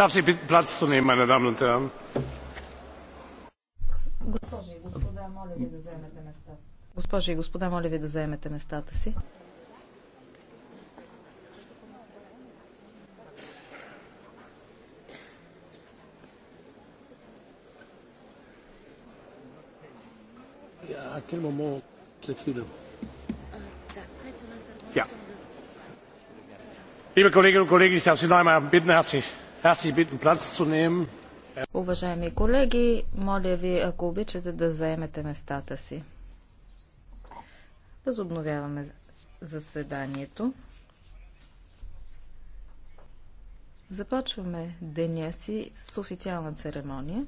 darf sie bitten platz zu nehmen meine damen und herren! госпожи и господа моля ви да заемете местата си. à quel moment s'écrit-il Liebe Kolleginnen und Kollegen, ich darf Sie noch einmal bitten, herzlich Уважаеми колеги, моля ви, ако обичате да заемете местата си. Възобновяваме заседанието. Започваме деня си с официална церемония.